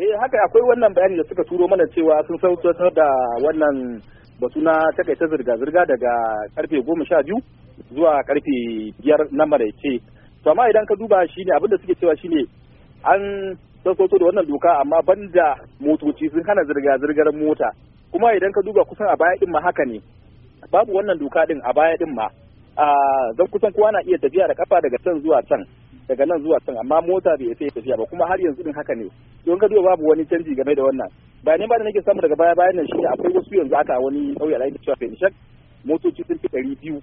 eh haka akwai wannan bayani da suka turo mana cewa sun sautar da wannan batu na takaita zirga-zirga daga karfe goma sha biyu zuwa karfe biyar na maraice to amma idan ka duba shi abin da suke cewa shi ne an sauto da wannan doka amma banda motoci sun hana zirga-zirgar mota kuma idan ka duba kusan a baya ma haka ne babu wannan doka din a baya din ma a ah, zan kusan kowa na iya tafiya da kafa daga can zuwa can daga nan zuwa can amma mota bai isa tafiya ba kuma har yanzu din haka ne don ka duba babu wani canji game da wannan bayanai ba da nake samu daga baya bayan nan shi akwai wasu yanzu aka wani sauya da ake cewa Fenishak motoci sun fi ɗari biyu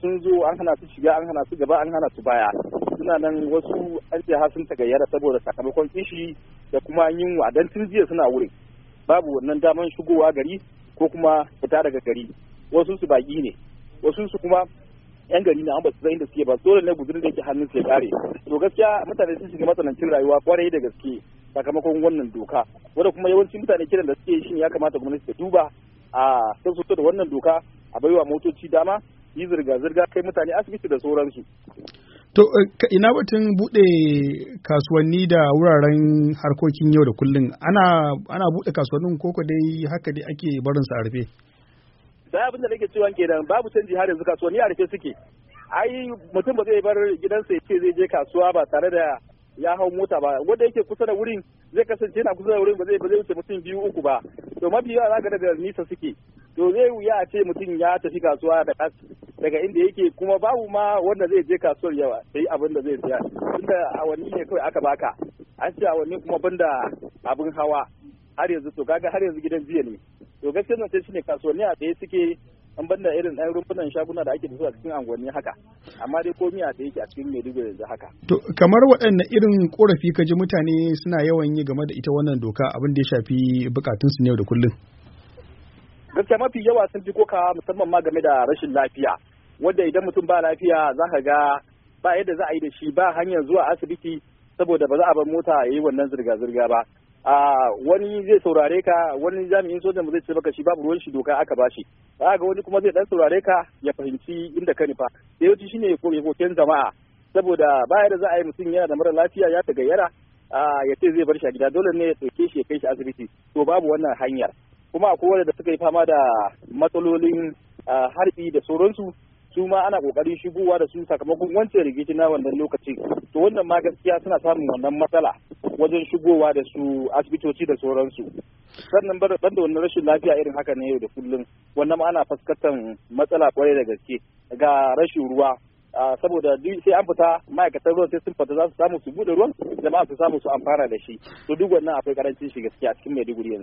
sun zo an hana su shiga an hana su gaba an hana su baya suna nan wasu an ce sun sun tagayyara saboda sakamakon kishi da kuma yunwa dan tun jiya suna wurin babu wannan daman shigowa gari ko kuma fita daga gari wasu su baki ne wasu su kuma yan gari na ba su san inda suke ba dole ne guzuri da yake hannun su ya kare to gaskiya mutane sun shiga matsanancin rayuwa kwarai da gaske sakamakon wannan doka wanda kuma yawancin mutane kiran da suke shi ne ya kamata gwamnati ta duba a sun so da wannan doka a baiwa motoci dama yi zirga-zirga kai mutane asibiti da sauransu. To eh, ina batun buɗe kasuwanni da wuraren harkokin yau da kullum ana ana buɗe kasuwannin koko dai haka dai ake barin su a rufe. da abin da nake cewa kenan babu canji har yanzu kasuwa ni a rufe suke ai mutum ba zai bar gidansa ya ce zai je kasuwa ba tare da ya hau mota ba wanda yake kusa da wurin zai kasance na kusa da wurin ba zai wuce mutum biyu uku ba to mafi yawa zaka da nisa suke to zai wuya a ce mutum ya tafi kasuwa da kas daga inda yake kuma babu ma wanda zai je kasuwar yawa sai abin da zai siya tunda awanni ne kawai aka baka an ce awanni kuma banda abin hawa har yanzu to kaga har yanzu gidan jiya ne to gaskiya nan sai shine kasuwanni a tsaye suke an banda irin ɗan rumfunan shaguna da ake da su a cikin anguwanni haka amma dai komi a da yake a cikin maiduguri yanzu haka. to kamar waɗanne irin korafi ka ji mutane suna yawan yi game da ita wannan doka abin da ya shafi bukatunsu ne da kullum. gaskiya mafi yawa sun fi koka musamman ma game da rashin lafiya wanda idan mutum ba lafiya za ka ga ba yadda za a yi da shi ba hanyar zuwa asibiti saboda ba za a bar mota ya yi wannan zirga-zirga ba a wani zai saurare ka wani jami'in sojan ba zai ci maka shi babu ruwan shi doka aka bashi za ga wani kuma zai dan saurare ka ya fahimci inda ka nufa sai yawanci shine ya koken jama'a saboda baya da za a yi mutum yana da mara lafiya ya ta gayyara ya ce zai bar shi a gida dole ne ya ɗauke shi ya kai shi asibiti to babu wannan hanyar kuma akwai wanda suka yi fama da matsalolin harbi da sauransu su ma ana kokarin shigowa da su sakamakon wancan rigici na wannan lokacin to wannan ma gaskiya suna samun wannan matsala wajen shigowa da su asibitoci da sauransu sannan ban da wannan rashin lafiya irin haka ne yau da kullum wannan ma ana fuskantar matsala kwarai da gaske ga rashin ruwa saboda sai an fita ma'aikatan ruwan sai sun fita za su samu su buɗe ruwan jama'a su samu su amfana da shi to duk wannan akwai karancin shi gaskiya a cikin Maiduguri yanzu